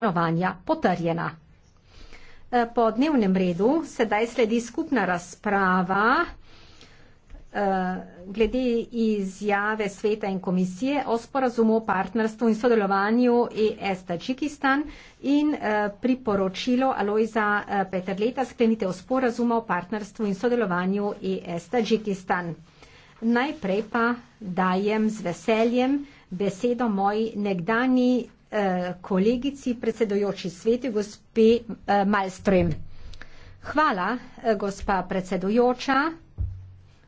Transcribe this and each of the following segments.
imenovanja potrjena. E, po dnevnem redu sedaj sledi skupna razprava e, glede izjave sveta in komisije o sporazumu o partnerstvu in sodelovanju ES Tačikistan in e, priporočilo Alojza Peterleta sklenite o sporazumu o partnerstvu in sodelovanju ES Tačikistan. Najprej pa dajem z veseljem besedo moji nekdani Eh, kolegici predsedujoči sveti gospe eh, Malstrem. Hvala, eh, gospa predsedujoča,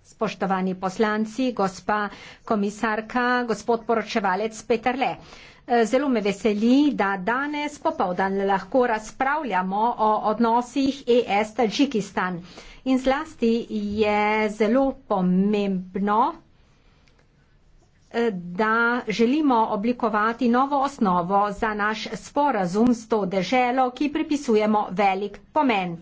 spoštovani poslanci, gospa komisarka, gospod poročevalec Peterle. Zelo me veseli, da danes popovdan lahko razpravljamo o odnosih ES-Tadžikistan. In zlasti je zelo pomembno, Eh, da želimo oblikovati novo osnovo za naš sporazum s to deželo, ki pripisujemo velik pomen.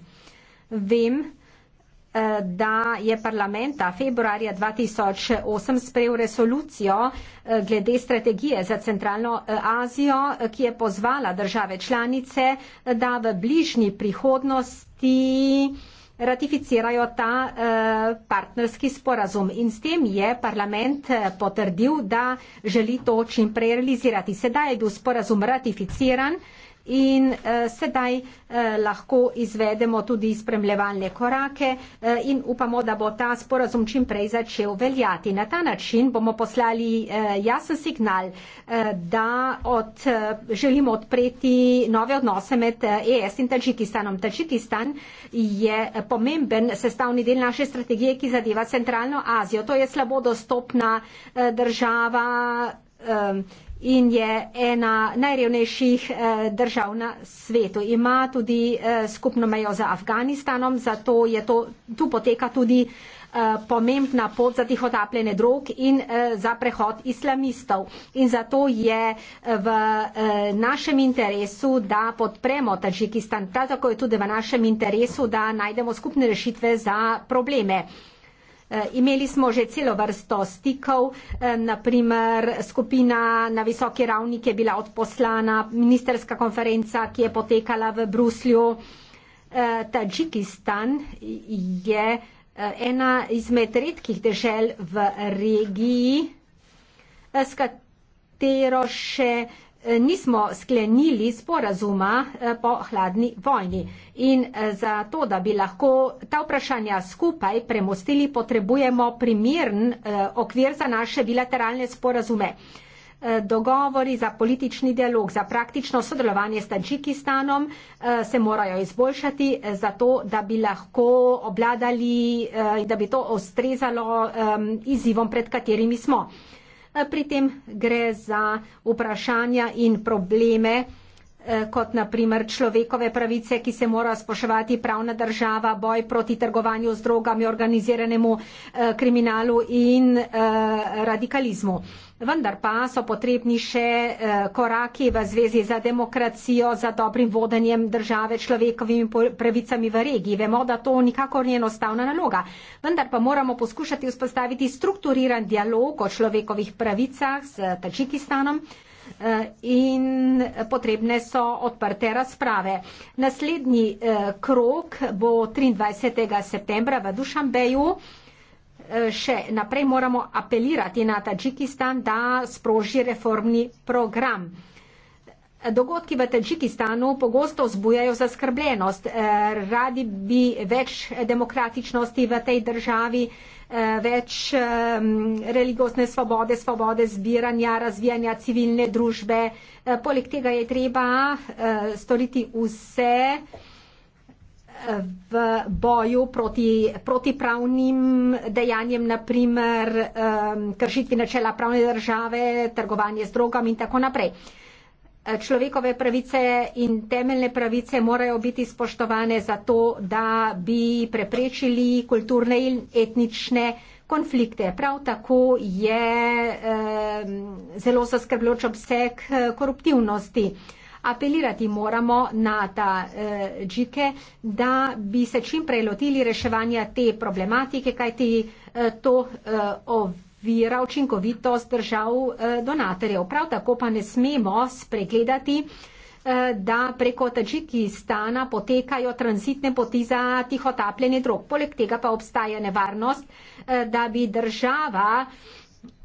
Vem, eh, da je parlamenta februarja 2008 sprejel resolucijo eh, glede strategije za centralno Azijo, ki je pozvala države članice, da v bližnji prihodnosti ratificirajo ta eh, partnerski sporazum. In s tem je parlament eh, potrdil, da želi to čim prej realizirati. Sedaj je bil sporazum ratificiran, in eh, sedaj eh, lahko izvedemo tudi spremljevalne korake eh, in upamo, da bo ta sporazum čim prej začel veljati. Na ta način bomo poslali eh, jasen signal, eh, da od, eh, želimo odpreti nove odnose med eh, ES in Tačikistanom. Tačikistan je pomemben sestavni del naše strategije, ki zadeva centralno Azijo. To je slabo dostopna eh, država. Eh, in je ena najrevnejših eh, držav na svetu. Ima tudi eh, skupno mejo z Afganistanom, zato je to, tu poteka tudi eh, pomembna pot za tihotapljene drog in za prehod islamistov. In zato je v našem interesu, da podpremo Tadžikistan, tako je tudi v našem interesu, da najdemo skupne rešitve za probleme. Eh, imeli smo že celo vrsto stikov, eh, naprimer skupina na visoki ravni, ki je bila odposlana, ministerska konferenca, ki je potekala v Bruslju. Eh, Tadžikistan je ena izmed redkih dežel v regiji, s katero še Eh, nismo sklenili sporazuma eh, po hladni vojni. In eh, za to, da bi lahko ta vprašanja skupaj premostili, potrebujemo primern okvir za naše bilateralne sporazume. Dogovori za politični dialog, za praktično sodelovanje s Tadžikistanom se morajo izboljšati, zato da bi lahko obladali, da bi to ustrezalo izzivom, pred katerimi smo pri tem gre za vprašanja in probleme, eh, kot na primer človekove pravice, ki se mora spoševati pravna država, boj proti trgovanju z drogami, organiziranemu eh, kriminalu in eh, radikalizmu vendar pa so potrebni še eh, koraki v zvezi za demokracijo, za dobrim vodenjem države, človekovimi pravicami v regiji. Vemo, da to nikakor ni enostavna naloga. Vendar pa moramo poskušati vzpostaviti strukturiran dialog o človekovih pravicah z Tačikistanom eh, in potrebne so odprte razprave. Naslednji eh, krok bo 23. septembra v Dušambeju. Eh, še naprej moramo apelirati na Tadžikistan, da sproži reformni program. Dogodki v Tadžikistanu pogosto zbujajo zaskrbljenost. Eh, radi bi več demokratičnosti v tej državi, eh, več ehm, religiozne svobode, svobode zbiranja, razvijanja civilne družbe. Poleg tega je treba storiti vse, v boju proti protipravnim dejanjem, naprimer kršitvi načela pravne države, trgovanje z drogami in tako naprej. Človekove pravice in temeljne pravice morajo biti spoštovane zato, da bi preprečili kulturne in etnične konflikte. Prav tako je eh, zelo zaskrbljujoč obseg koruptivnosti. Eh, apelirati moramo na ta eh, džike, da bi se čim prej lotili reševanja te problematike, kajti eh, to eh, ovira učinkovitost držav eh, donatorjev. Prav tako pa ne smemo spregledati eh, da preko Tadžikistana potekajo transitne poti za tihotapljenje drog. Poleg tega pa obstaja nevarnost, eh, da bi država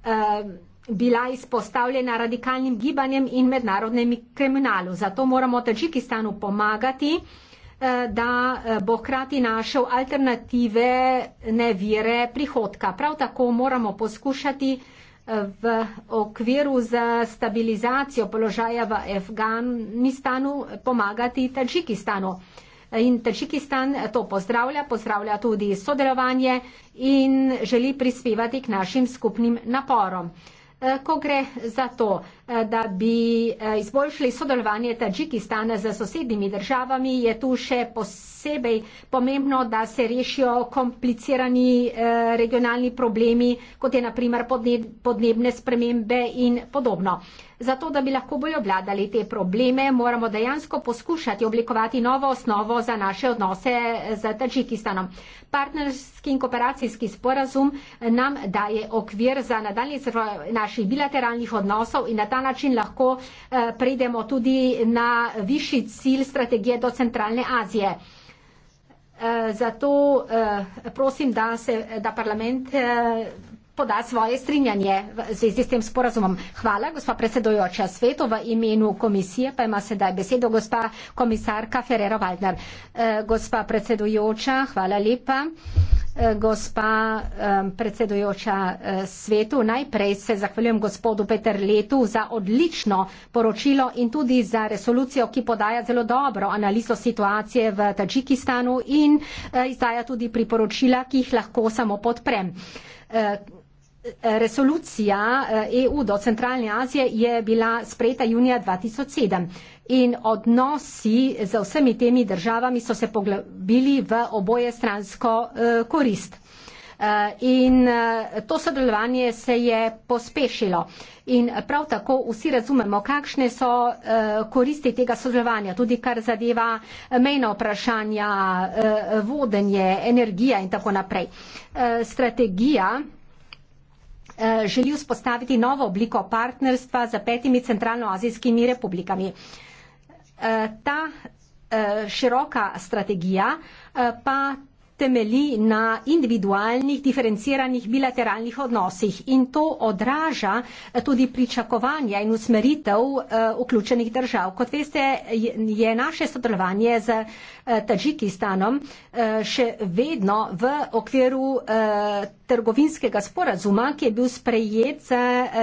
eh, bila izpostavljena radikalnim gibanjem in mednarodnem kriminalu. Zato moramo Tačikistanu pomagati, eh, da eh, bo hkrati našel alternative ne vire prihodka. Prav tako moramo poskušati eh, v okviru za stabilizacijo položaja v Afganistanu pomagati Tačikistanu. In Tačikistan to pozdravlja, pozdravlja tudi sodelovanje in želi prispevati k našim skupnim naporom. Eh, ko gre za to, eh, da bi eh, izboljšali sodelovanje Tadžikistana z sosednjimi državami, je tu še posebej pomembno, da se rešijo komplicirani regionalni problemi, kot je naprimer podnebne spremembe in podobno. Zato, da bi lahko bolj obvladali te probleme, moramo dejansko poskušati oblikovati novo osnovo za naše odnose z Tadžikistanom. Partnerski in kooperacijski sporazum nam daje okvir za nadaljni razvoj naših bilateralnih odnosov in na ta način lahko eh, pridemo tudi na višji cilj strategije do centralne Azije. Eh, zato eh, prosim, da, se, da parlament poda svoje strinjanje v zvezi s tem sporazumom. Hvala, gospa predsedojoča svetu, v imenu komisije pa ima sedaj besedo gospa komisarka Ferrero Waldner. E, gospa predsedojoča, hvala lepa. E, gospa e, predsedojoča e, svetu, najprej se zahvaljujem gospodu Peter Letu za odlično poročilo in tudi za resolucijo, ki podaja zelo dobro analizo situacije v Tačikistanu in e, izdaja tudi priporočila, ki jih lahko samo podprem. E, resolucija EU eh, e do Centralne Azije je bila sprejeta junija 2007 in odnosi z vsemi temi državami so se poglobili v oboje stransko eh, korist. Eh, in to sodelovanje se je pospešilo. In prav tako vsi razumemo, kakšne so koristi tega sodelovanja, tudi kar zadeva mejna vprašanja, vodenje, energija in tako naprej. Strategija Eh, želi vzpostaviti novo obliko partnerstva za petimi centralnoazijskimi republikami. Eh, ta eh, široka strategija pa temelji na individualnih, diferenciranih bilateralnih odnosih in to odraža tudi pričakovanja in usmeritev vključenih držav. Kot veste, je naše sodelovanje z Eh, Tadžikistanom eh, še vedno v okviru eh, trgovinskega sporazuma, ki je bil sprejet za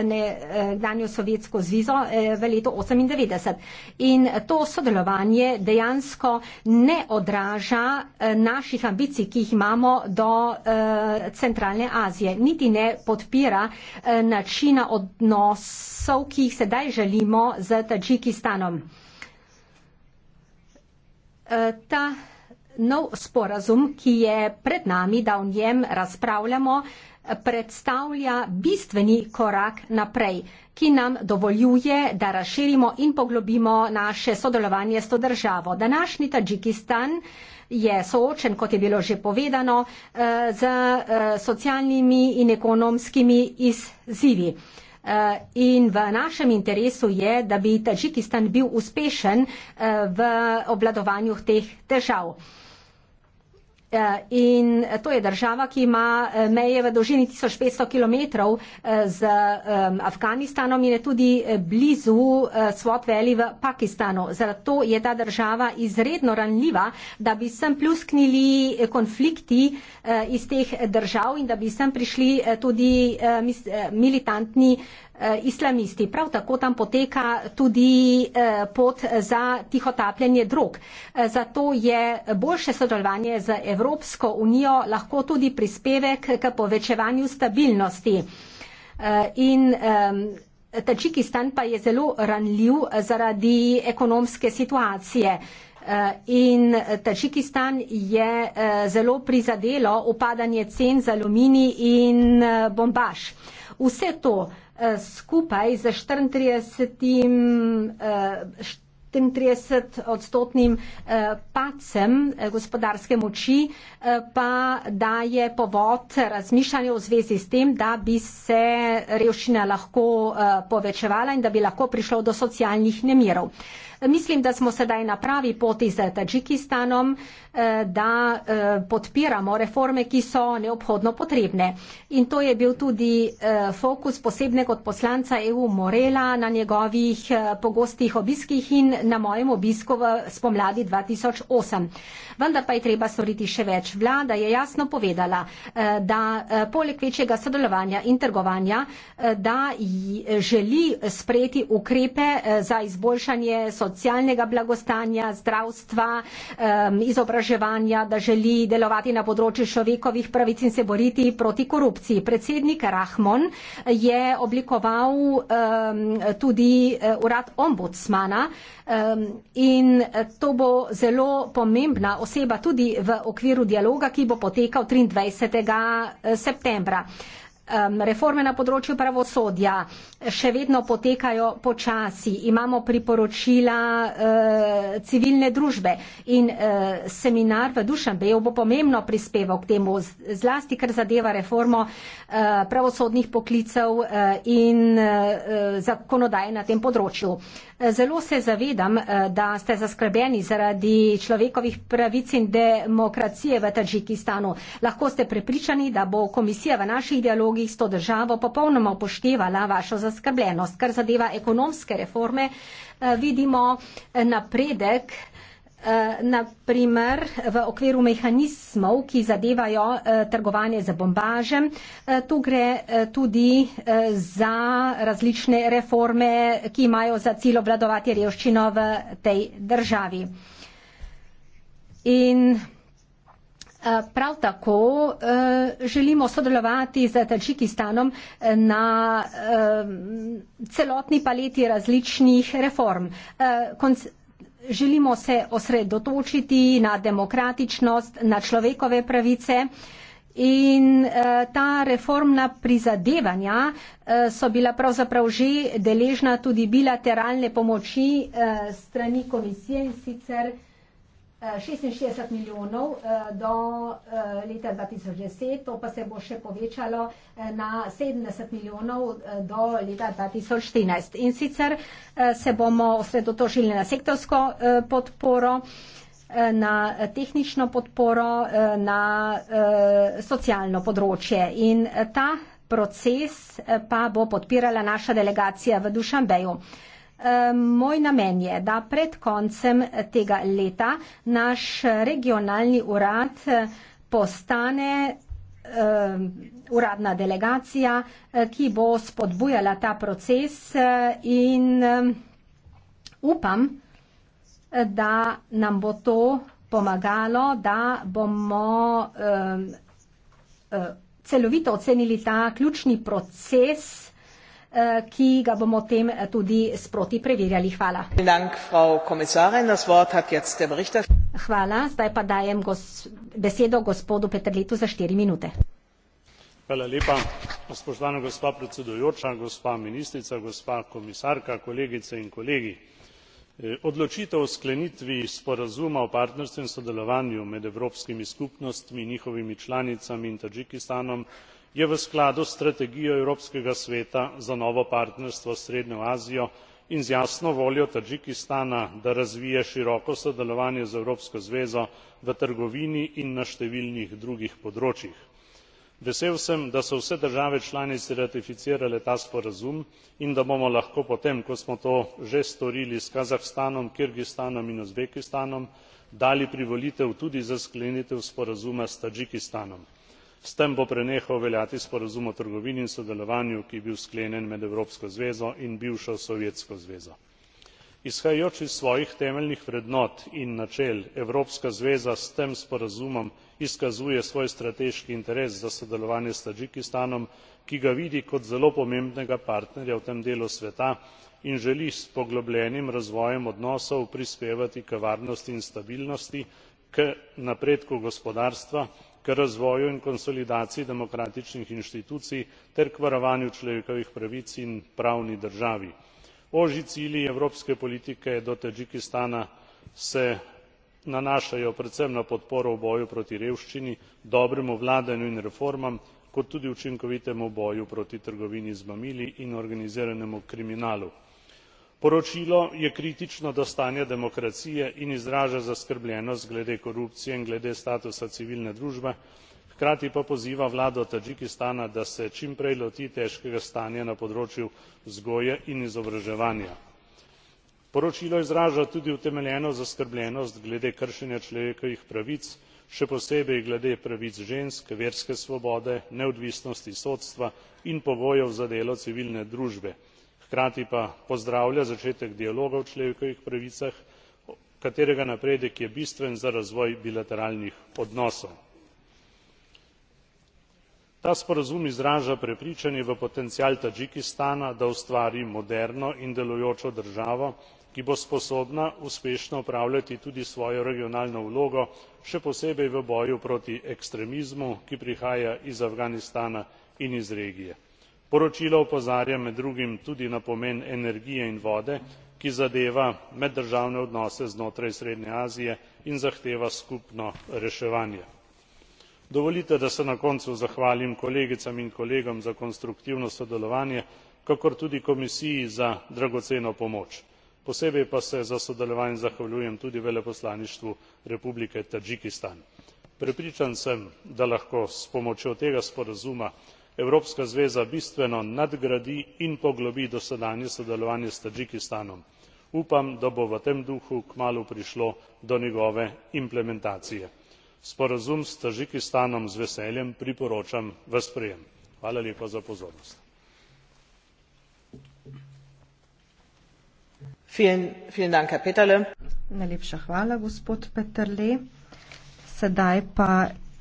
nekdanjo sovjetsko zvizo v letu 98. In to sodelovanje dejansko ne odraža naših ambicij, ki jih imamo do centralne Azije, niti ne podpira načina odnosov, ki jih sedaj želimo z Tadžikistanom. Eh, ta nov sporazum, ki je pred nami, da o njem razpravljamo, predstavlja bistveni korak naprej, ki nam dovoljuje, da razširimo in poglobimo naše sodelovanje s to državo. Današnji Tadžikistan je soočen, kot je bilo že povedano, eh, z eh, socialnimi in ekonomskimi izzivi. Eh, in v našem interesu je, da bi Tadžikistan bil uspešen eh, v obladovanju teh težav. Eh, in to je država, ki ima eh, meje v dolžini 1500 km eh, z ehm, Afganistanom in je tudi blizu Swat Valley v Pakistanu. Zato je ta država izredno ranljiva, da bi sem plusknili konflikti iz teh držav in da bi sem prišli tudi militantni Eh, islamisti. Prav tako tam poteka tudi eh, pot za tihotapljanje drog. Eh, zato je boljše sodelovanje z Evropsko unijo lahko tudi prispevek k povečevanju stabilnosti. In Tačikistan pa je zelo ranljiv zaradi ekonomske situacije. In Tačikistan je zelo prizadelo upadanje cen za alumini in bombaž. Vse to skupaj z 34-odstotnim pacem gospodarske moči eh, pa daje povod razmišljanju v zvezi s tem, da bi se revščina lahko eh, povečevala in da bi lahko prišlo do socialnih nemirov. Mislim, da smo sedaj na pravi poti z Tadžikistanom. Eh, da eh, podpiramo reforme, ki so neobhodno potrebne. In to je bil tudi eh, fokus posebnega od poslanca EU Morela na njegovih pogostih obiskih in na mojem obisku v spomladi 2008. Vendar pa je treba storiti še več. Vlada je jasno povedala, da poleg večjega sodelovanja in trgovanja, da želi sprejeti ukrepe za izboljšanje socialnega blagostanja, zdravstva, izobraževanja, izobraževanja, da želi delovati na področju človekovih pravic in se boriti proti korupciji. Predsednik Rahmon je oblikoval um, tudi eh, urad ombudsmana um, in to bo zelo pomembna oseba tudi v okviru dialoga, ki bo potekal 23. Eh, septembra. Um, reforme na področju pravosodja še vedno potekajo počasi. Imamo priporočila eh, civilne družbe in eh, seminar v Dušanbeju bo pomembno prispeval k temu, zlasti ker zadeva reformo eh, pravosodnih poklicev eh, in eh, zakonodaje na tem področju. Eh, zelo se zavedam, eh, da ste zaskrbljeni zaradi človekovih pravic in demokracije v Tadžikistanu. Lahko ste prepričani, da bo komisija v naših dialogih s to državo popolnoma upoštevala vašo zaskrbljenost zaskrbljenost. Kar zadeva ekonomske reforme, eh, vidimo eh, napredek, eh, naprimer v okviru mehanizmov, ki zadevajo trgovanje za bombažem. Tu gre tudi za različne reforme, ki imajo za cilj obvladovati revščino v tej državi. In Eh, prav tako eh, želimo sodelovati z Tačikistanom eh, na celotni paleti različnih reform. Želimo se osredotočiti na demokratičnost, na človekove pravice in ta reformna prizadevanja so bila pravzaprav že deležna tudi bilateralne pomoči strani komisije in sicer 66 milijonov eh, do eh, leta 2010, to pa se bo še povečalo eh, na 70 milijonov do leta 2014. In sicer se bomo osredotočili na sektorsko podporo, na tehnično podporo, na socialno področje. In ta proces pa bo podpirala naša delegacija v Dušanbeju. Moj namen je, da pred koncem tega leta naš regionalni urad eh, postane uradna delegacija, eh, ki bo spodbujala ta proces eh, in upam, da nam bo to pomagalo, da bomo celovito ocenili ta ključni proces Eh, ki ga bomo o tem tudi sproti preverjali. Hvala. Hvala, zdaj pa dajem gos besedo gospodu Petrletu za štiri minute. Hvala lepa, spoštovana gospa predsedujoča, gospa ministrica, gospa komisarka, kolegice in kolegi. Eh, odločitev o sklenitvi sporazuma o partnerstvu in sodelovanju med evropskimi skupnostmi in njihovimi članicami in tadžikistanom je v skladu s strategijo evropskega sveta za novo partnerstvo s srednjo azijo in z jasno voljo tadžikistana da razvije široko sodelovanje z evropsko zvezo v trgovini in na številnih drugih področjih. vesel sem da so vse države članice ratificirale ta sporazum in da bomo lahko potem ko smo to že storili s kazahstanom kirgistanom in uzbekistanom dali privolitev tudi za sklenitev sporazuma s tadžikistanom s tem bo prenehal veljati sporazum o trgovini in sodelovanju ki je bil sklenjen med evropsko zvezo in bivšo sovjetsko zvezo. izhajajoč iz svojih temeljnih vrednot in načel evropska zveza s tem sporazumom izkazuje svoj strateški interes za sodelovanje s tadžikistanom ki ga vidi kot zelo pomembnega partnerja v tem delu sveta in želi s poglobljenim razvojem odnosov prispevati k varnosti in stabilnosti k napredku gospodarstva k razvoju in konsolidaciji demokratičnih inštitucij ter k varovanju človekovih pravic in pravni državi. ožji cilji evropske politike do tadžikistana se nanašajo predvsem na podporo v boju proti revščini dobremu vladanju in reformam kot tudi učinkovitemu boju proti trgovini z mamili in organiziranemu kriminalu poročilo je kritično do stanja demokracije in izraža zaskrbljenost glede korupcije in glede statusa civilne družbe hkrati pa poziva vlado tadžikistana da se čim prej loti težkega stanja na področju vzgoje in izobraževanja. poročilo izraža tudi utemeljeno zaskrbljenost glede kršenja človekovih pravic še posebej glede pravic žensk verske svobode neodvisnosti sodstva in pogojev za delo civilne družbe hkrati pa pozdravlja začetek dialoga o človekovih pravicah katerega napredek je bistven za razvoj bilateralnih odnosov. ta sporazum izraža prepričanje v potencial tadžikistana da ustvari moderno in delujočo državo ki bo sposobna uspešno opravljati tudi svojo regionalno vlogo še posebej v boju proti ekstremizmu ki prihaja iz afganistana in iz regije poročilo opozarja med drugim tudi na pomen energije in vode ki zadeva meddržavne odnose znotraj srednje azije in zahteva skupno reševanje. dovolite da se na koncu zahvalim kolegicam in kolegom za konstruktivno sodelovanje kakor tudi komisiji za dragoceno pomoč posebej pa se za sodelovanje zahvaljujem tudi veleposlaništvu republike tadžikistan. prepričan sem da lahko s pomočjo tega sporazuma evropska zveza bistveno nadgradi in poglobi dosedanje sodelovanje s tadžikistanom. upam da bo v tem duhu kmalu prišlo do njegove implementacije. sporazum s tadžikistanom z veseljem priporočam v sprejem. hvala lepa za pozornost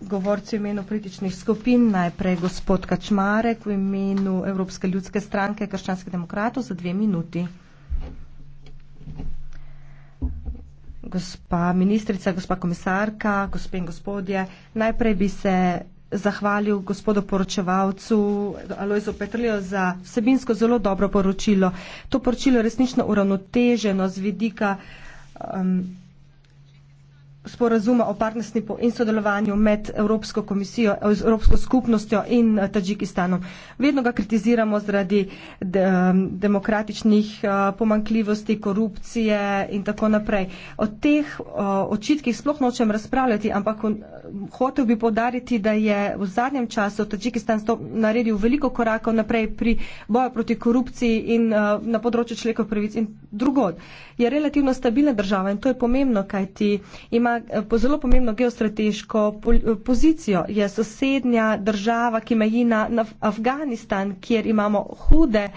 govorci v imenu političnih skupin, najprej gospod Kačmarek v imenu Evropske ljudske stranke Krščanskih demokratov za dve minuti. Gospa ministrica, gospa komisarka, gospe in gospodje, najprej bi se zahvalil gospodu poročevalcu Alojzu Petrljo za vsebinsko zelo dobro poročilo. To poročilo je resnično uravnoteženo z vidika um, sporazuma o partnerstvu in sodelovanju med Evropsko komisijo, z Evropsko skupnostjo in eh, Tadžikistanom. Vedno ga kritiziramo zaradi eh, demokratičnih eh, pomankljivosti, korupcije in tako naprej. O teh očitkih sploh nočem razpravljati, ampak hotel bi podariti, da je v zadnjem času Tadžikistan naredil veliko korakov naprej pri boju proti korupciji in na področju človekov pravic in drugod. Je relativno stabilna država in to je pomembno, kajti ima po zelo pomembno geostrateško eh, pozicijo. Je sosednja država, ki meji na, na Afganistan, kjer imamo hude.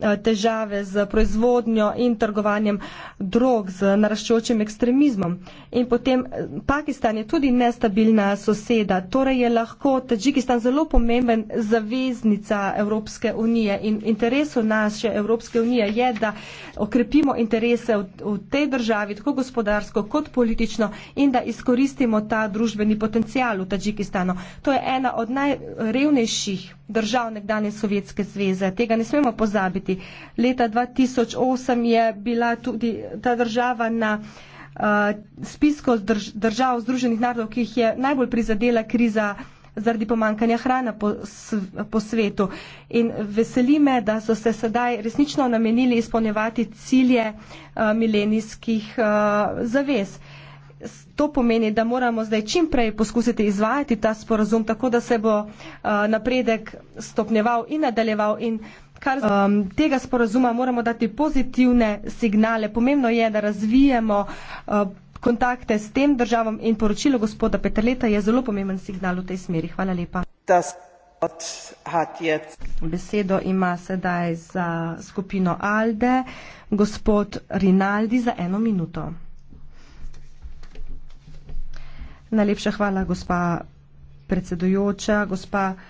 Eh, težave z proizvodnjo in trgovanjem drog, z naraščočim ekstremizmom. In potem eh, Pakistan je tudi nestabilna soseda, torej je lahko Tadžikistan zelo pomemben zaveznica Evropske unije in interesov naše Evropske unije je, da okrepimo interese v, v tej državi, tako gospodarsko kot politično in da izkoristimo ta družbeni potencial v Tadžikistanu. To je ena od najrevnejših držav nekdanje Sovjetske zveze. Tega ne smemo pozabiti leti. Leta 2008 je bila tudi ta država na uh, eh, spisko drž držav Združenih narodov, ki jih je najbolj prizadela kriza zaradi pomankanja hrana po, po svetu. In veseli me, da so se sedaj resnično namenili izpolnjevati cilje uh, milenijskih uh, zavez. To pomeni, da moramo zdaj čim prej poskusiti izvajati ta sporazum, tako da se bo uh, napredek stopnjeval in nadaljeval in uh, kar um, tega sporazuma moramo dati pozitivne signale. Pomembno je, da razvijemo uh, kontakte s tem državam in poročilo gospoda Petrleta je zelo pomemben signal v tej smeri. Hvala lepa. Besedo ima sedaj za skupino Alde gospod Rinaldi za eno minuto. Najlepša hvala, gospa predsedujoča, gospa uh,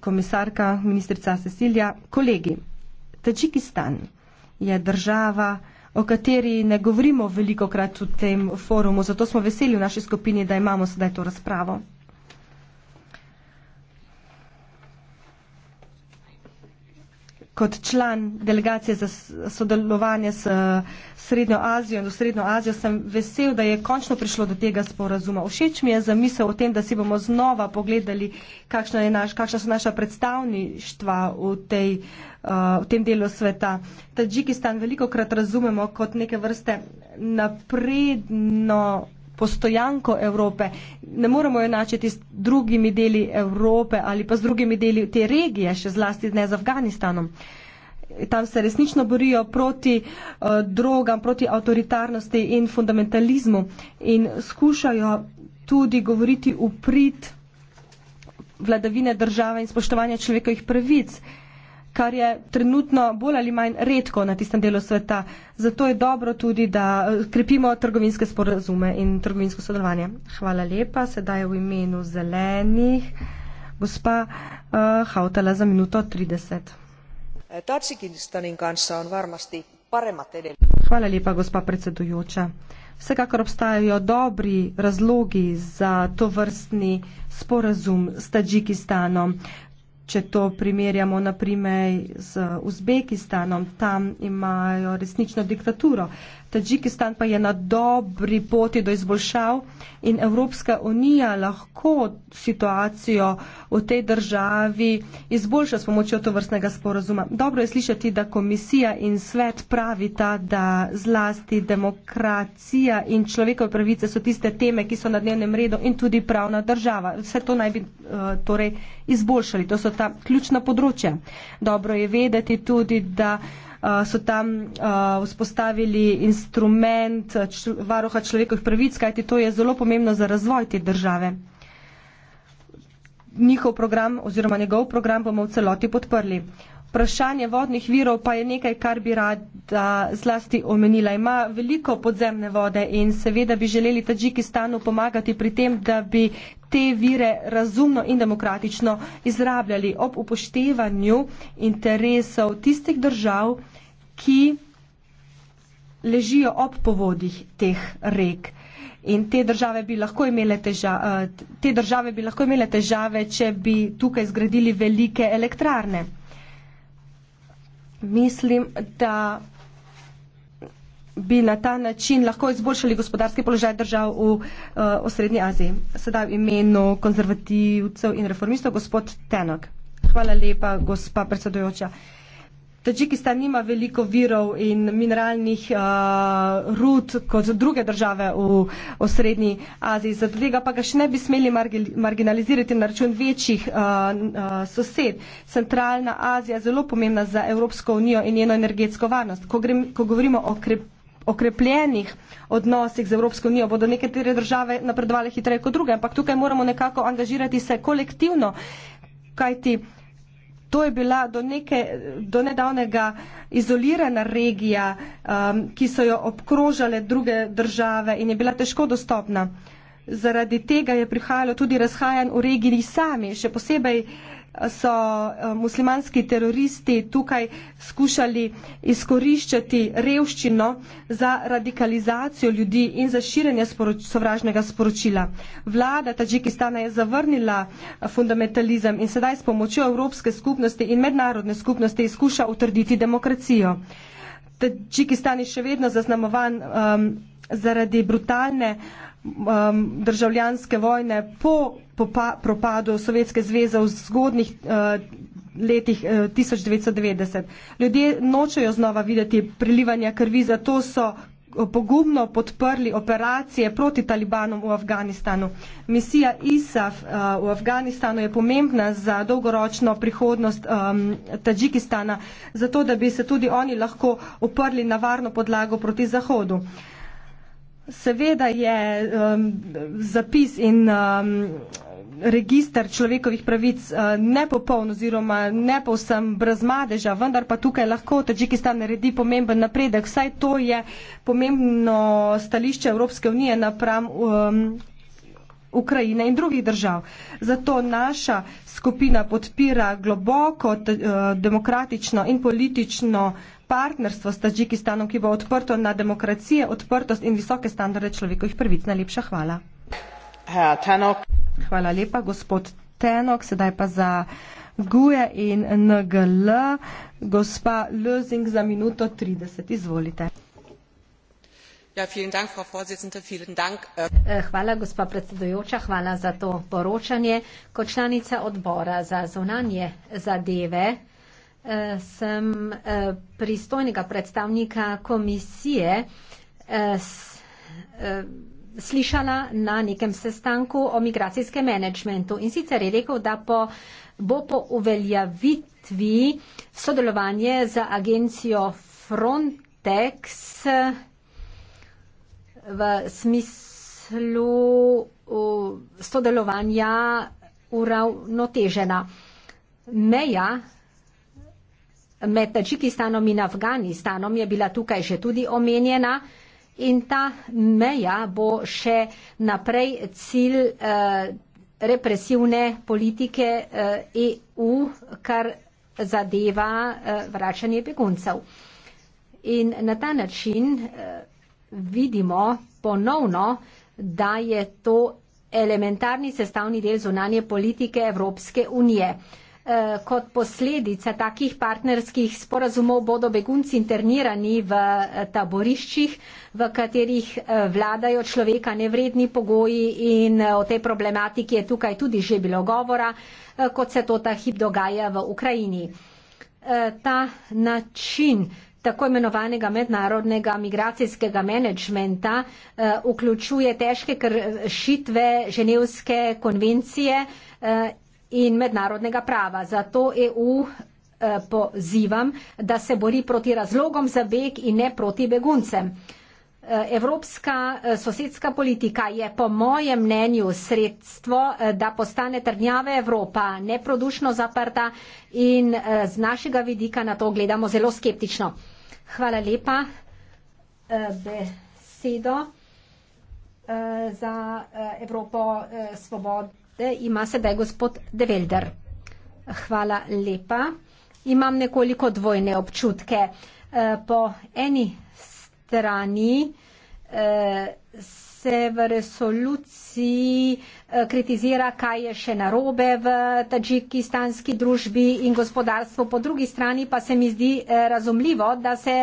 komisarka, ministrica Cecilija, kolegi. Tačikistan je država, o kateri ne govorimo veliko krat v tem forumu, zato smo veseli v naši skupini, da imamo sedaj to razpravo. kot član delegacije za sodelovanje s Srednjo Azijo in v Srednjo Azijo sem vesel, da je končno prišlo do tega sporazuma. Všeč mi je zamisel o tem, da si bomo znova pogledali, kakšna, je naš, kakšna so naša predstavništva v, tej, eh, v tem delu sveta. Tadžikistan veliko krat razumemo kot neke vrste napredno postojanko Evrope. Ne moramo jo načeti z drugimi deli Evrope ali pa z drugimi deli te regije, še zlasti ne z Afganistanom. Tam se resnično borijo proti uh, drogam, proti avtoritarnosti in fundamentalizmu in skušajo tudi govoriti uprit vladavine države in spoštovanja človekovih pravic. Uh, kar je trenutno bolj ali manj redko na tistem delu sveta. Zato je dobro tudi, da eh, krepimo trgovinske sporazume in trgovinsko sodelovanje. Hvala lepa, sedaj v imenu zelenih. Gospa uh, Hautala za minuto 30. Tačikistanin kanša on varmasti paremat edel. Hvala lepa, gospa predsedujoča. Vsekakor obstajajo dobri razlogi za to vrstni sporazum s Tačikistanom če to primerjamo naprimer z Uzbekistanom, tam imajo resnično diktaturo. Tadžikistan pa je na dobri poti do izboljšav in Evropska unija lahko situacijo v tej državi izboljša s pomočjo to vrstnega sporazuma. Dobro je slišati, da komisija in svet pravita, da zlasti demokracija in človekove pravice so tiste teme, ki so na dnevnem redu in tudi pravna država. Vse to naj bi eh, torej izboljšali. To so ta ključna področja. Dobro je vedeti tudi, da Eh, so tam eh, vzpostavili instrument eh, varoha človekovih pravic, kajti to je zelo pomembno za razvoj te države. Njihov program oziroma njegov program bomo v celoti podprli. Vprašanje vodnih virov pa je nekaj, kar bi rada zlasti omenila. Ima veliko podzemne vode in seveda bi želeli Tadžikistanu pomagati pri tem, da bi te vire razumno in demokratično izrabljali ob upoštevanju interesov tistih držav, ki ležijo ob povodih teh rek. In te države, bi lahko imele težave, eh, te države bi lahko imele težave, če bi tukaj zgradili velike elektrarne mislim, da bi na ta način lahko izboljšali gospodarski položaj držav v uh, eh, Srednji Aziji. Sedaj v imenu konzervativcev in reformistov gospod Tenok. Hvala lepa, gospa predsedujoča. Uh, Tadžikistan nima veliko virov in mineralnih uh, rud kot druge države v osrednji Aziji. Zato tega pa ga še ne bi smeli marginalizirati na račun večjih uh, uh, sosed. Centralna Azija je zelo pomembna za Evropsko unijo in njeno energetsko varnost. Ko, grem, ko govorimo o krep okrepljenih odnosih z Evropsko unijo, bodo nekatere države napredovale hitreje kot druge, ampak tukaj moramo nekako angažirati se kolektivno, kajti to je bila do, neke, do nedavnega izolirana regija, um, ki so jo obkrožale druge države in je bila težko dostopna. Zaradi tega je prihajalo tudi razhajanj v regiji sami, še posebej eh, so eh, muslimanski teroristi tukaj skušali izkoriščati revščino za radikalizacijo ljudi in za širenje sporoč sovražnega sporočila. Vlada Tadžikistana je zavrnila eh, fundamentalizem in sedaj s pomočjo Evropske skupnosti in mednarodne skupnosti izkuša utrditi demokracijo. Tadžikistan je še vedno zaznamovan. Um, zaradi brutalne um, državljanske vojne po popa, propadu Sovjetske zveze v zgodnih uh, letih uh, 1990. Ljudje nočejo znova videti prilivanja krvi, zato so uh, pogumno podprli operacije proti talibanom v Afganistanu. Misija ISAF uh, v Afganistanu je pomembna za dolgoročno prihodnost um, Tadžikistana, zato da bi se tudi oni lahko oprli na varno podlago proti Zahodu. Uh, Seveda je um, zapis in um, registr človekovih pravic uh, nepopoln oziroma ne povsem brez madeža, vendar pa tukaj lahko Tadžikistan naredi pomemben napredek. Vsaj to je pomembno stališče Evropske unije napram. Um, Ukrajine in drugih držav. Zato naša skupina podpira globoko, uh, demokratično in politično uh, partnerstvo s Tadžikistanom, ki bo odprto na demokracije, odprtost in visoke standarde človekovih prvic. Najlepša hvala. Hvala lepa, gospod Tenok. Sedaj pa za Guje in NGL. Gospa Lözing za minuto 30. Izvolite. Ja, dank, dank, uh... Hvala, gospa predsedujoča, hvala za to poročanje. Kot članica odbora za zunanje zadeve, Eh, sem eh, pristojnega predstavnika komisije eh, slišala na nekem sestanku o migracijskem menedžmentu in sicer je rekel, da po, bo po uveljavitvi sodelovanje z agencijo Frontex v smislu sodelovanja uravnotežena. Meja Med Tadžikistanom in Afganistanom je bila tukaj že tudi omenjena in ta meja bo še naprej cilj eh, represivne politike EU, eh, e kar zadeva eh, vračanje beguncev. In na ta način vidimo ponovno, da je to elementarni sestavni del zunanje politike Evropske unije. Eh, kot posledica takih partnerskih sporazumov bodo begunci internirani v eh, taboriščih, v katerih eh, vladajo človeka nevredni pogoji in o tej problematiki je tukaj tudi že bilo govora, kot se to ta hip dogaja v Ukrajini. Ta način tako imenovanega mednarodnega migracijskega menedžmenta vključuje težke kršitve ženevske konvencije in mednarodnega prava. Zato EU eh, pozivam, da se bori proti razlogom za beg in ne proti beguncem. Eh, evropska eh, sosedska politika je po mojem mnenju sredstvo, da postane trdnjava Evropa neprodušno zaprta in z našega vidika na to gledamo zelo skeptično. Hvala lepa besedo za Evropo svobodo ima sedaj gospod Develder. Hvala lepa. Imam nekoliko dvojne občutke. Eh, po eni strani eh, se v resoluciji si eh, kritizira, kaj je še narobe v tadžikistanski družbi in gospodarstvu. Po drugi strani pa se mi zdi eh, razumljivo, da se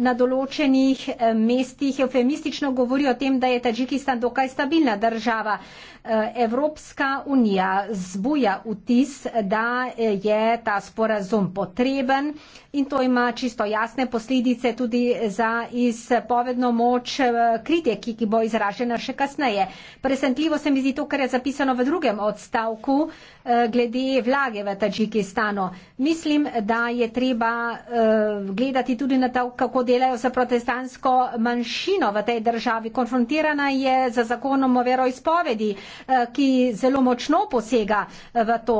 na določenih eh, mestih eufemistično govori o tem, da je Tadžikistan dokaj stabilna država. Evropska unija zbuja vtis, da je ta sporazum potreben in to ima čisto jasne posledice tudi za izpovedno moč kritike, ki bo izražena še kasneje presenetljivo se mi zdi to, kar je zapisano v drugem odstavku eh, glede vlage v Tačikistanu. Mislim, da je treba eh, gledati tudi na to, kako delajo za protestantsko manjšino v tej državi. Konfrontirana je z zakonom o veroizpovedi, eh, ki zelo močno posega v to.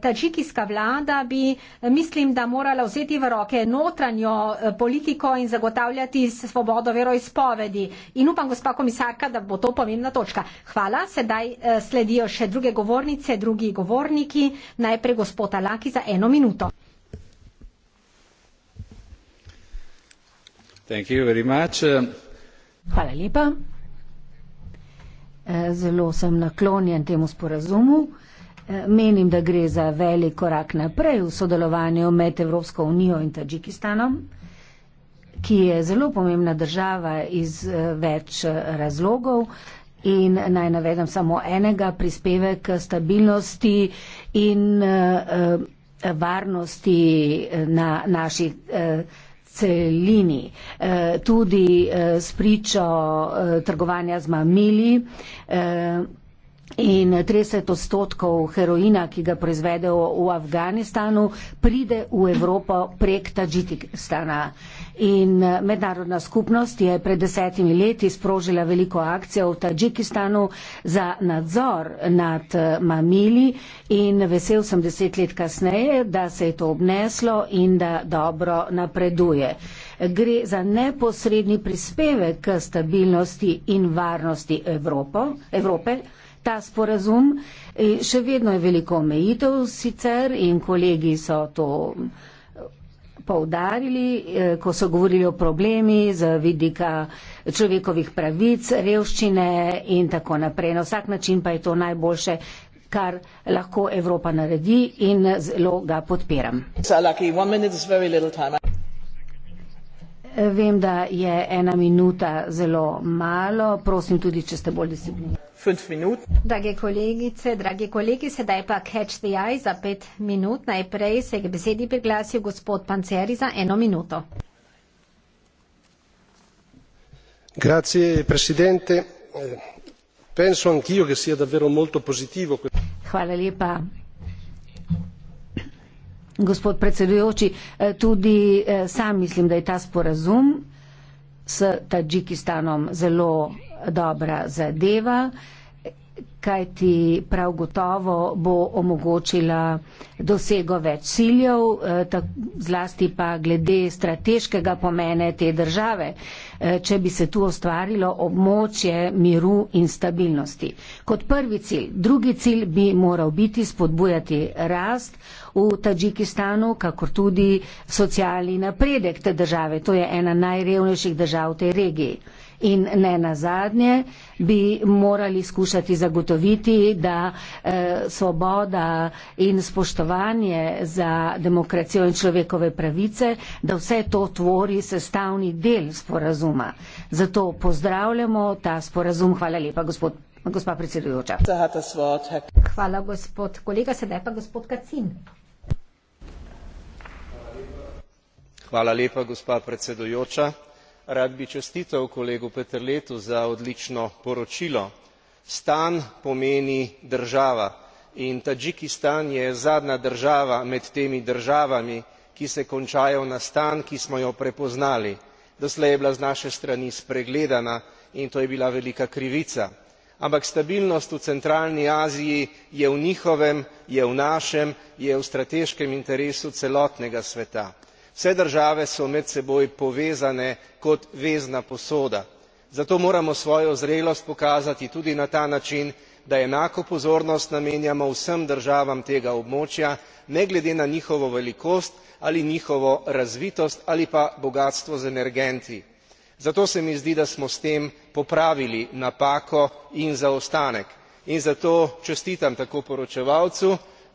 Tačikijska vlada bi, mislim, da morala vzeti v roke notranjo politiko in zagotavljati svobodo veroizpovedi. In upam, gospa komisarka, da bo to pomembna točka. Hvala hvala. Sedaj eh, sledijo še druge govornice, drugi govorniki. Najprej gospod Alaki za eno minuto. Eh. Hvala lepa. Eh, zelo sem naklonjen temu sporazumu. Menim, da gre za velik korak naprej v sodelovanju med Evropsko unijo in Tadžikistanom, ki je zelo pomembna država iz več razlogov. In naj navedem samo enega prispevek stabilnosti in uh, varnosti eh, na naši uh, celini. Uh, tudi uh, spričo uh, trgovanja z mamili. Uh, In 30 odstotkov heroina, ki ga proizvedejo v Afganistanu, pride v Evropo prek Tadžikistana. In eh, mednarodna skupnost je pred desetimi leti sprožila veliko akcijo v Tadžikistanu za nadzor nad eh, mamili in vesel sem deset let kasneje, da se je to obneslo in da dobro napreduje. Gre za neposredni prispevek k stabilnosti in varnosti Evropo, Evrope. Ta sporazum e, še vedno je veliko omejitev sicer in kolegi so to e, poudarili, e, ko so govorili o problemi z vidika človekovih pravic, revščine in tako naprej. Na vsak način pa je to najboljše kar lahko Evropa naredi in zelo ga podpiram. Vem, da je ena minuta zelo malo. Prosim tudi, če ste bolj disciplinirani. Drage kolegice, dragi kolegi, sedaj pa catch the eye za pet minut. Najprej se je k besedi priglasil gospod Panceri za eno minuto. Grazie, eh, Hvala lepa, Gospod predsedujoči, eh, tudi eh, sam mislim, da je ta sporazum s Tadžikistanom zelo dobra zadeva, kaj ti prav gotovo bo omogočila dosego več ciljev, eh, zlasti pa glede strateškega pomene te države, če bi se tu ustvarilo območje miru in stabilnosti. Kot prvi cilj, drugi cilj bi moral biti spodbujati rast, v Tadžikistanu, kakor tudi socialni napredek te države. To je ena najrevnejših držav v tej regiji. In ne na zadnje bi morali skušati zagotoviti, da eh, svoboda in spoštovanje za demokracijo in človekove pravice, da vse to tvori sestavni del sporazuma. Zato pozdravljamo ta sporazum. Hvala lepa, gospod, gospa predsedujoča. Hvala, gospod kolega. Sedaj pa gospod Kacin. rad bi čestital kolegu peterletu za odlično poročilo. stan pomeni država in tadžikistan je zadnja država med temi državami ki se končajo na stan ki smo jo prepoznali. doslej je bila z naše strani spregledana in to je bila velika krivica. ampak stabilnost v centralni aziji je v njihovem je v našem je v strateškem interesu celotnega sveta vse države so med seboj povezane kot vezna posoda zato moramo svojo zrelost pokazati tudi na ta način da enako pozornost namenjamo vsem državam tega območja ne glede na njihovo velikost ali njihovo razvitost ali pa bogastvo z energenti zato se mi zdi da smo s tem popravili napako in zaostanek in zato čestitam tako poročevalcu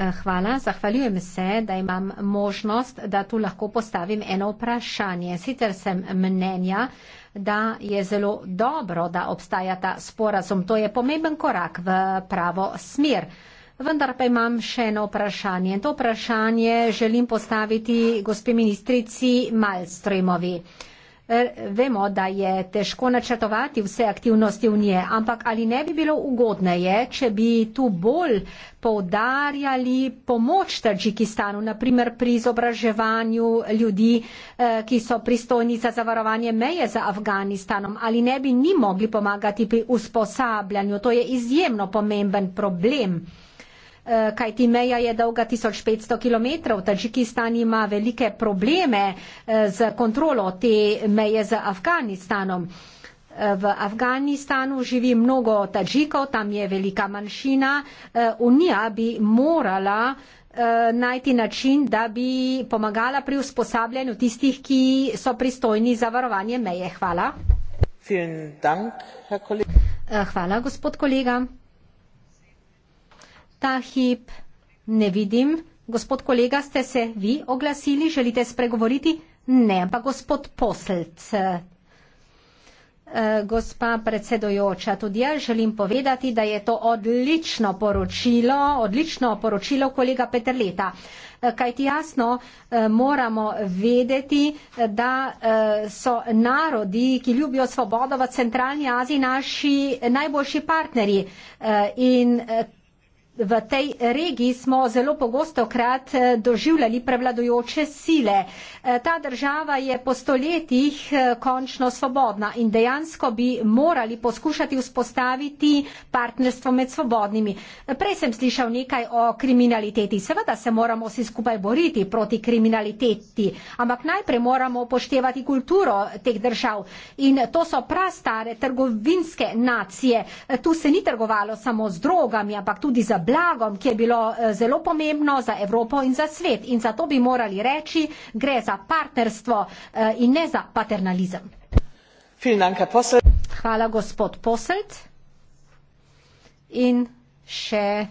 Eh, hvala, zahvaljujem se, da imam možnost, da tu lahko postavim eno vprašanje. Sicer sem mnenja, da je zelo dobro, da obstaja ta sporazum. To je pomemben korak v pravo smer. Vendar pa imam še eno vprašanje. To vprašanje želim postaviti gospe ministrici Malstremovi. Eh, vemo, da je težko načrtovati vse aktivnosti unije, ampak ali ne bi bilo ugodneje, če bi tu bolj povdarjali pomoč Tadžikistanu, naprimer pri izobraževanju ljudi, eh, ki so pristojni za zavarovanje meje za Afganistanom, ali ne bi ni mogli pomagati pri usposabljanju. To je izjemno pomemben problem. Eh, kaj ti meja je dolga 1500 km. Tačikistan ima velike probleme eh, z kontrolo te meje z Afganistanom. Eh, v Afganistanu živi mnogo tačikov, tam je velika manjšina. Unija bi morala najti način, da bi pomagala pri usposabljanju tistih, ki so pristojni za varovanje meje. Hvala. Dank, Hvala, gospod kolega ta hip ne vidim. Gospod kolega, ste se vi oglasili, želite spregovoriti? Ne, pa gospod Poselc. E, gospa predsedojoča, tudi jaz želim povedati, da je to odlično poročilo, odlično poročilo kolega Peterleta. E, eh, Kaj ti jasno, e, moramo vedeti, da e, so narodi, ki ljubijo svobodo v centralni Aziji, naši najboljši partnerji. E, in, e, v tej regiji smo zelo pogosto krat eh, doživljali prevladojoče sile. Eh, ta država je po stoletjih eh, končno svobodna in dejansko bi morali poskušati vzpostaviti partnerstvo med svobodnimi. Prej sem slišal nekaj o kriminaliteti. Seveda se moramo vsi skupaj boriti proti kriminaliteti, ampak najprej moramo upoštevati kulturo teh držav. In to so prastare trgovinske nacije. Tu se ni trgovalo samo z drogami, ampak tudi za blagom, ki je bilo eh, zelo pomembno za Evropo in za svet. In zato bi morali reči, gre za partnerstvo eh, in ne za paternalizem. Hvala, gospod Poselt. In še eh,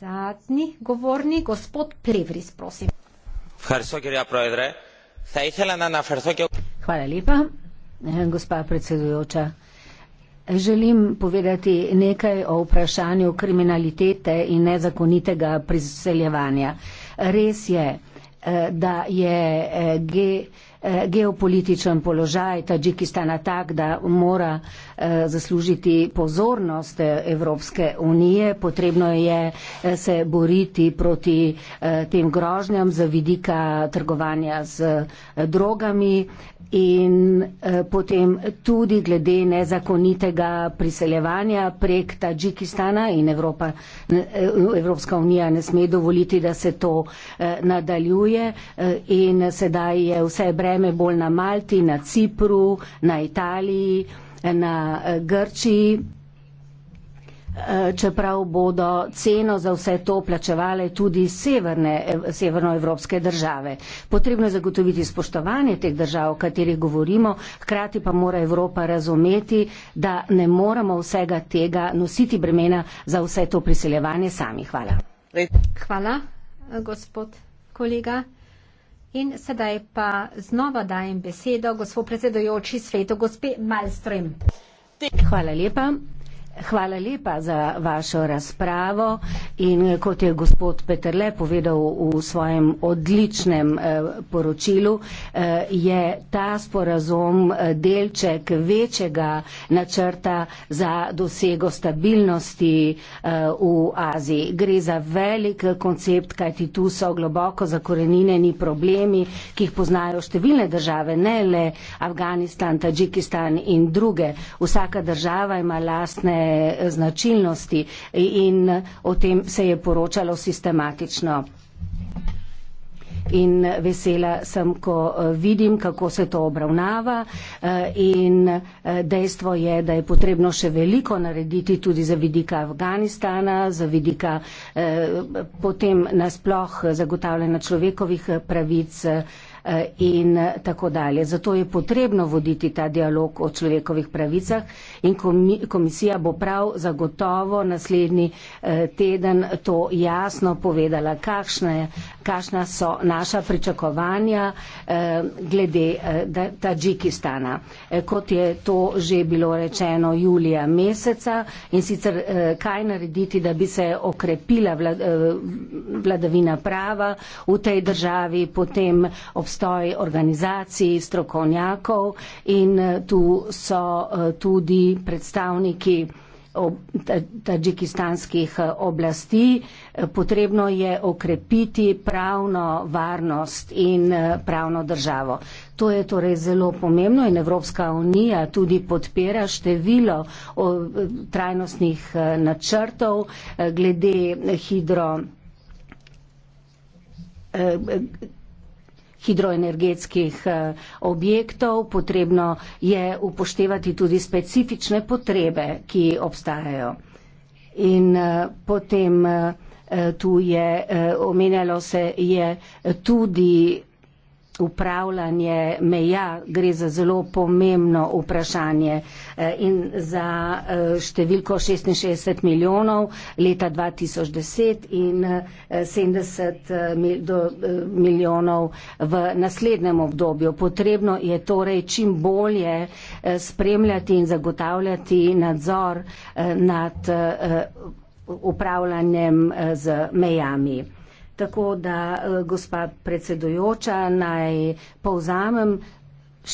zadnji govornik, gospod Plevris, prosim. Hvala lepa, gospa predsedujoča. Želim povedati nekaj o vprašanju kriminalitete in nezakonitega priseljevanja. Res je, eh, da je eh, G. Eh, geopolitičen položaj Tadžikistana tak, da mora eh, zaslužiti pozornost eh, Evropske unije. Potrebno je se boriti proti tem grožnjam za vidika trgovanja z drogami in potem tudi glede nezakonitega priseljevanja prek Tadžikistana in Evropa, Evropska unija ne sme dovoliti, da se to nadaljuje in sedaj je vse brez vreme bolj na Malti, na Cipru, na Italiji, na eh, Grčiji. Eh, čeprav bodo ceno za vse to plačevale tudi severne, eh, severnoevropske države. Potrebno je zagotoviti spoštovanje teh držav, o katerih govorimo, hkrati pa mora Evropa razumeti, da ne moramo vsega tega nositi bremena za vse to priseljevanje sami. Hvala. Hvala, gospod kolega. In sedaj pa znova dajem besedo gospod predsedojoči svetu, gospe Malstrem. Hvala lepa. Hvala lepa za vašo razpravo in kot je gospod Peterle povedal v svojem odličnem eh, poročilu, eh, je ta sporazum eh, delček večjega načrta za dosego stabilnosti v Aziji. Gre za velik koncept, kajti tu so globoko zakorenjeni problemi, ki jih poznajo številne države, ne le Afganistan, Tadžikistan in druge. Vsaka država ima lastne značilnosti in o tem se je poročalo sistematično. In vesela sem, ko eh, vidim, kako se to obravnava eh, in eh, dejstvo je, da je potrebno še veliko narediti tudi za vidika Afganistana, za vidika potem nasploh zagotavljanja človekovih pravic Eh, in tako dalje. Zato je potrebno voditi ta dialog o človekovih pravicah in komisija bo prav zagotovo naslednji eh, teden to jasno povedala, kakšna je kakšna so naša pričakovanja eh, glede eh, Tadžikistana. Eh, kot je to že bilo rečeno julija meseca in sicer eh, kaj narediti, da bi se okrepila vlad, eh, vladavina prava v tej državi, potem obstoj organizacij, strokovnjakov in eh, tu so eh, tudi predstavniki eh, tadžikistanskih eh, oblasti. Eh, potrebno je okrepiti pravno varnost in eh, pravno državo. To je torej zelo pomembno in Evropska unija tudi podpira število trajnostnih načrtov glede hidro hidroenergetskih eh, objektov, potrebno je upoštevati tudi specifične potrebe, ki obstajajo. In eh, potem eh, tu je omenjalo se je tudi upravljanje meja gre za zelo pomembno vprašanje eh, in za eh, številko 66 milijonov leta 2010 in 70 eh, milijonov v naslednjem obdobju. Potrebno je torej čim bolje spremljati in zagotavljati nadzor nad upravljanjem z mejami. Tako da, eh, gospa predsedujoča, naj povzamem,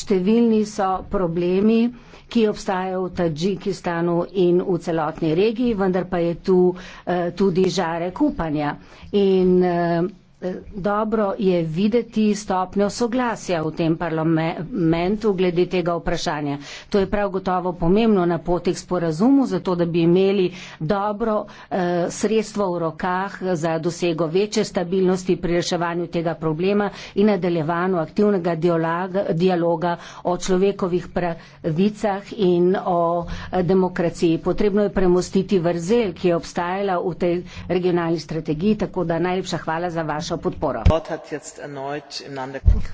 številni so problemi, ki obstajajo v Tadžikistanu in v celotni regiji, vendar pa je tu uh, tudi žare kupanja. In, uh, Dobro je videti stopnjo soglasja v tem parlamentu glede tega vprašanja. To je prav gotovo pomembno na poti k sporazumu, zato da bi imeli dobro eh, sredstvo v rokah za dosego večje stabilnosti pri reševanju tega problema in nadaljevanju aktivnega dialoga, dialoga o človekovih pravicah in o eh, demokraciji. Potrebno je premostiti vrzel, ki je obstajala v tej regionalni strategiji, tako da najlepša hvala za vaš vašo podporo.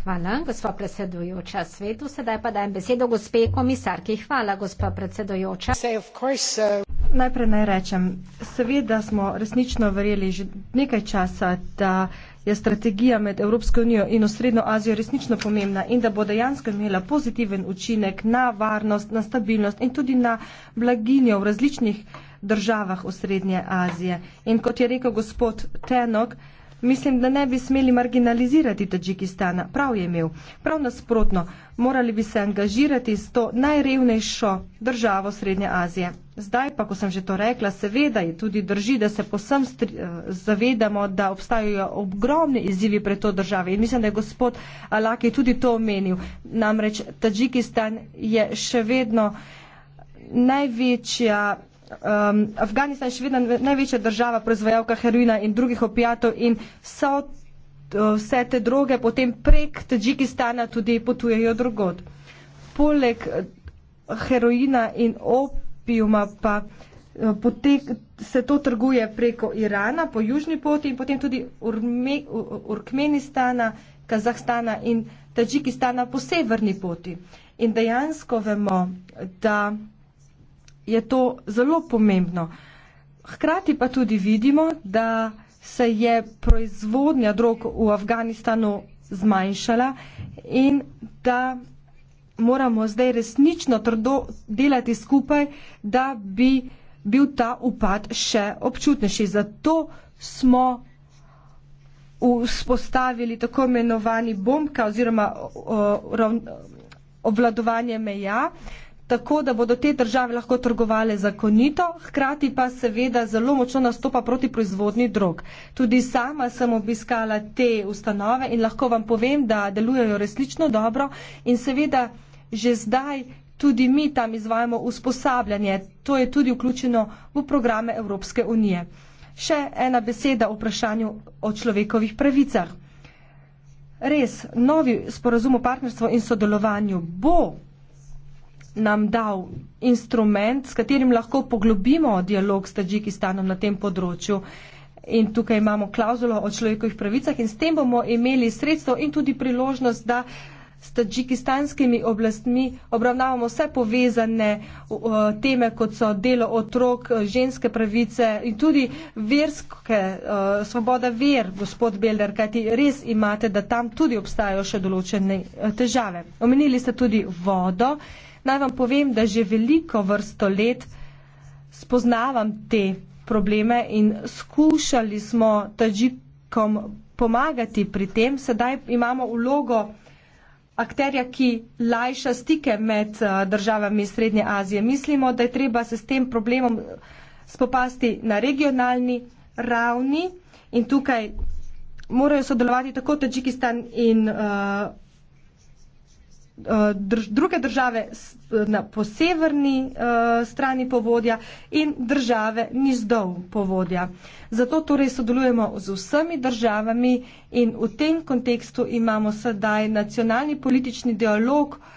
Hvala, gospa predsedujoča svetu. Sedaj pa dajem besedo gospe komisarki. Hvala, gospa predsedujoča. Uh, Najprej naj rečem, seveda smo resnično verjeli že nekaj časa, da je strategija med Evropsko unijo in osrednjo Azijo resnično pomembna in da bo dejansko imela pozitiven učinek na varnost, na stabilnost in tudi na blaginjo v različnih državah osrednje Azije. In kot je rekel gospod Tenok, Mislim, da ne bi smeli marginalizirati Tadžikistana. Prav je imel. Prav nasprotno, morali bi se angažirati s to najrevnejšo državo Srednje Azije. Zdaj pa, ko sem že to rekla, seveda je tudi drži, da se posem stri, eh, zavedamo, da obstajajo ogromni izzivi pred to državo. In mislim, da je gospod Alaki tudi to omenil. Namreč Tadžikistan je še vedno največja um, Afganistan je še vedno največja država proizvajalka heroina in drugih opijatov in so, vse te droge potem prek Tadžikistana tudi potujejo drugod. Poleg eh, heroina in opijuma pa eh, potek, se to trguje preko Irana po južni poti in potem tudi Urkmenistana, Kazahstana in Tadžikistana po severni poti. In dejansko vemo, da je to zelo pomembno. Hkrati pa tudi vidimo, da se je proizvodnja drog v Afganistanu zmanjšala in da moramo zdaj resnično trdo delati skupaj, da bi bil ta upad še občutnejši. Zato smo vzpostavili tako imenovani bombka oziroma o, o, o, obvladovanje meja, tako da bodo te države lahko trgovale zakonito, hkrati pa seveda zelo močno nastopa proti proizvodni drog. Tudi sama sem obiskala te ustanove in lahko vam povem, da delujejo resnično dobro in seveda že zdaj tudi mi tam izvajamo usposabljanje. To je tudi vključeno v programe Evropske unije. Še ena beseda o vprašanju o človekovih pravicah. Res, novi sporazum o partnerstvu in sodelovanju bo nam dal instrument, s katerim lahko poglobimo dialog s Tadžikistanom na tem področju. In tukaj imamo klauzulo o človekovih pravicah in s tem bomo imeli sredstvo in tudi priložnost, da s tadžikistanskimi oblastmi obravnavamo vse povezane teme, kot so delo otrok, ženske pravice in tudi verske, svoboda ver, gospod Belder, kajti res imate, da tam tudi obstajajo še določene e, težave. Omenili ste tudi vodo. Naj vam povem, da že veliko vrsto let spoznavam te probleme in skušali smo tađikom pomagati pri tem. Sedaj imamo vlogo akterja, ki lajša stike med eh, državami Srednje Azije. Mislimo, da je treba se s tem problemom spopasti na regionalni ravni in tukaj morajo sodelovati tako Tadžikistan in uh, Eh, drž, druge države na, po severni uh, strani povodja in države nizdol povodja. Zato torej sodelujemo z vsemi državami in v tem kontekstu imamo sedaj nacionalni politični dialog uh,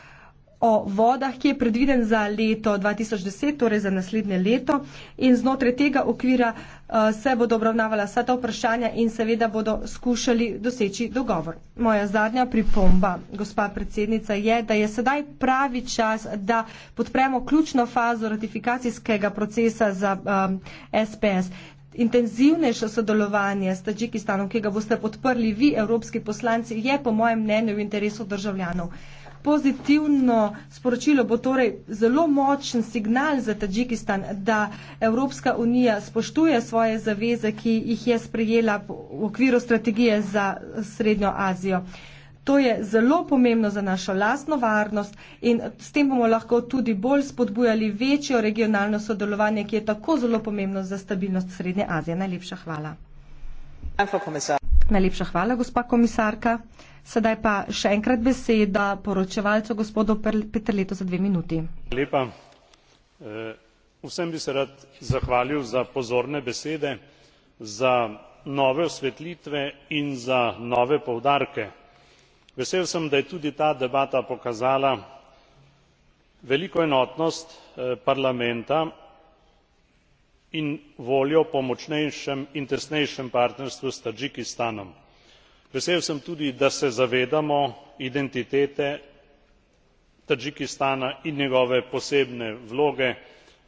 o vodah, ki je predviden za leto 2010, torej za naslednje leto. In znotraj tega okvira uh, se bodo obravnavala vsa ta vprašanja in seveda bodo skušali doseči dogovor. Moja zadnja pripomba, gospa predsednica, je, da je sedaj pravi čas, da podpremo ključno fazo ratifikacijskega procesa za um, eh, SPS. Intenzivnejše sodelovanje s Tadžikistanom, ki ga boste podprli vi, evropski poslanci, je po mojem mnenju v interesu državljanov pozitivno sporočilo bo torej zelo močen signal za Tadžikistan, da Evropska unija spoštuje svoje zaveze, ki jih je sprejela v okviru strategije za Srednjo Azijo. To je zelo pomembno za našo lastno varnost in s tem bomo lahko tudi bolj spodbujali večjo regionalno sodelovanje, ki je tako zelo pomembno za stabilnost Srednje Azije. Najlepša hvala. Najlepša hvala, gospa komisarka. Sedaj pa še enkrat beseda poročevalcu gospodu Petrletu za dve minuti. Lepa. Eh, vsem bi se rad zahvalil za pozorne besede, za nove osvetlitve in za nove povdarke. Vesel sem, da je tudi ta debata pokazala veliko enotnost eh, parlamenta in voljo po močnejšem in tesnejšem partnerstvu s tadžikistanom vesel sem tudi da se zavedamo identitete tadžikistana in njegove posebne vloge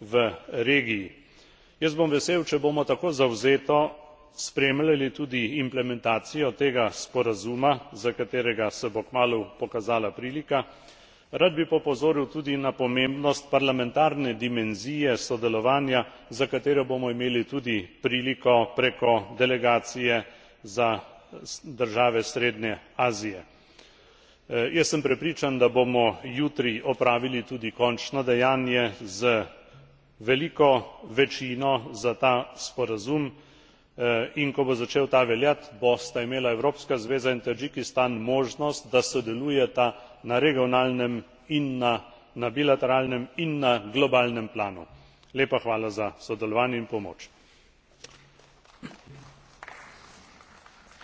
v regiji. jaz bom vesel če bomo tako zavzeto spremljali tudi implementacijo tega sporazuma za katerega se bo kmalu pokazala prilika. rad bi pa opozoril tudi na pomembnost parlamentarne dimenzije sodelovanja za katero bomo imeli tudi priliko preko delegacije za države srednje azije. E, jaz sem prepričan da bomo jutri opravili tudi končno dejanje z veliko večino za ta sporazum e, in ko bo začel ta veljat bosta imela evropska zveza in tadžikistan možnost da sodelujeta na regionalnem in na na bilateralnem in na globalnem planu. lepa hvala za sodelovanje in pomoč.